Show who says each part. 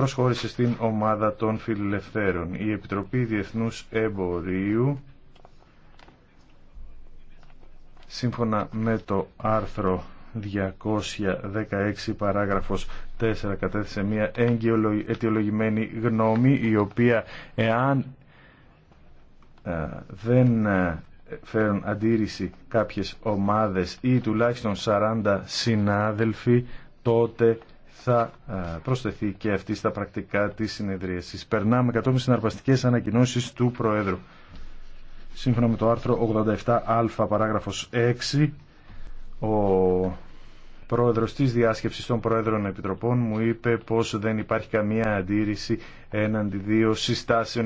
Speaker 1: προσχώρησε στην ομάδα των φιλελευθέρων. Η Επιτροπή Διεθνούς Εμπορίου, σύμφωνα με το άρθρο 216 παράγραφος 4 κατέθεσε μια αιτιολογημένη γνώμη η οποία εάν ε, δεν ε, φέρουν αντίρρηση κάποιες ομάδες ή τουλάχιστον 40 συνάδελφοι τότε θα ε, προσθεθεί και αυτή στα πρακτικά της συνεδρίασης. Περνάμε κατόπιν συναρπαστικές ανακοινώσεις του Προέδρου. Σύμφωνα με το άρθρο 87α παράγραφος 6, ο Πρόεδρος της Διάσκεψης των Προέδρων Επιτροπών μου είπε πως δεν υπάρχει καμία αντίρρηση έναντι δύο
Speaker 2: συστάσεων